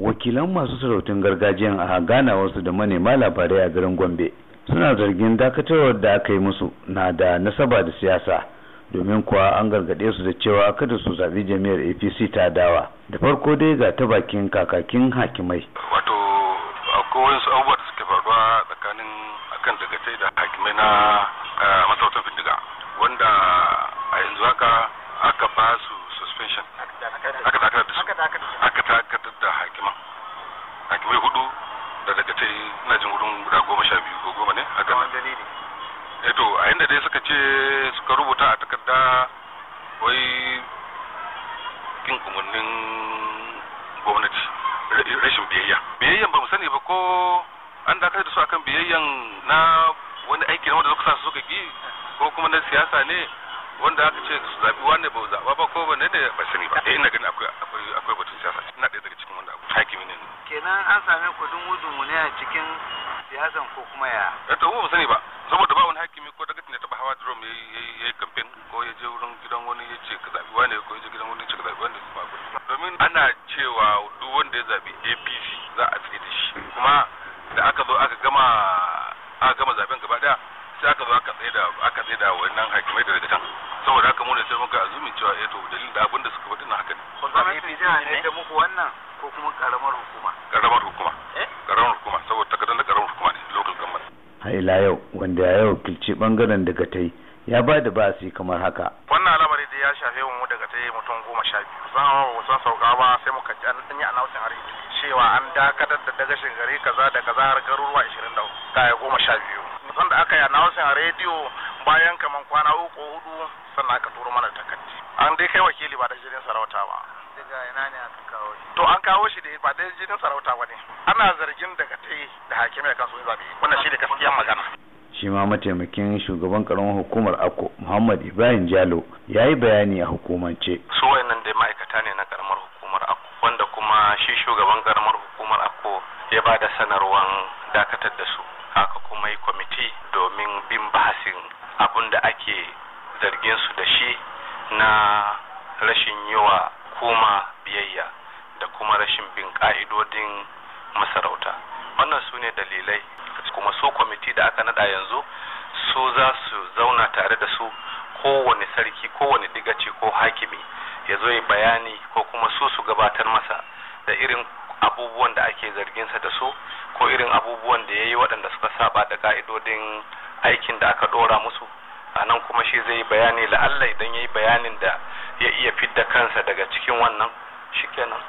wakilan masu sarautun gargajiyan a wasu da manema labarai a garin gombe suna zargin dakatarwar da aka yi musu na da nasaba da siyasa domin kuwa an gargaɗe su da cewa kada su zaɓi jami'ar apc ta dawa da farko dai ga ta bakin kakakin hakimai wato akwai wasu abubuwa da suke faruwa tsakanin akan dagatai da hakimai na masarautar bindiga wanda a yanzu haka aka ba su suspension aka dakatar da su aka hakiman hakimai hudu da daga yi na jin wurin guda goma sha biyu ko goma ne a nan eh to a inda dai suka ce suka rubuta a takarda wai kin umarnin gwamnati rashin biyayya biyayyan ba mu sani ba ko an dakatar da su akan biyayyan na wani aiki na wanda suka sa su suka gi ko kuma na siyasa ne wanda aka ce su zaɓi wani ba zaɓa ba ko ba ne ba sani ba eh ina gani akwai akwai wudu dumu ne a cikin siyasan ko kuma ya eh, to mu ba sani ba saboda ba wani hakimi ko daga da taba hawa drum ya yi kamfen ko ya je wurin gidan wani ya ce ka zabi wani ko ya je gidan wani ya ce ka zabi wani ba domin ana cewa duk wanda ya zabi APC za a tsaye da shi kuma da aka zo aka gama aka gama zaben gaba daya sai aka zo aka tsaye da aka tsaye da wannan hakimai da daga can saboda haka mu ne sai muka azumin cewa eh to dalilin da abin da suka faɗi na haka ne. Kun zama ne da muku wannan ko kuma karamar hukuma? Karamar hukuma. wanda ya wakilci bangaren daga ta ya ba da basi kamar haka wannan al'amari da ya shafe mu daga ta mutum goma sha biyu za sauka ba sai muka an yi announcing a cewa an dakatar da daga gari kaza da kaza har garuruwa ishirin da yi goma sha biyu musan da aka yi announcing a rediyo bayan kaman kwana uku hudu sannan aka turo mana takardi an dai kai wakili ba da jirin sarauta ba daga ina ne aka kawo shi to an kawo shi da ba da jirin sarauta ba ne ana zargin daga ta da hakimai kan su zabe wannan shi da gaskiyar magana shi ma mataimakin shugaban karamar hukumar akko muhammad ibrahim jalo ya yi bayani a hukumance su wayannan da ma'aikata ne na karamar hukumar akko wanda kuma shi shugaban karamar hukumar akko ya ba da sanarwan dakatar da su haka kuma yi kwamiti domin bin bahasin abun da ake zargin su da shi na rashin yiwa kuma biyayya da kuma rashin bin ka'idodin masarauta wannan su ne dalilai lokaci kuma su kwamiti da aka nada yanzu su za su zauna tare da su kowane sarki kowane digaci ko hakimi ya zo yi bayani ko kuma su su gabatar masa da irin abubuwan da ake zarginsa da su ko irin abubuwan da ya yi waɗanda suka saba da ka'idodin aikin da aka ɗora musu a nan kuma shi zai yi bayani la'alla idan ya yi bayanin da ya iya fidda kansa daga cikin wannan shikenan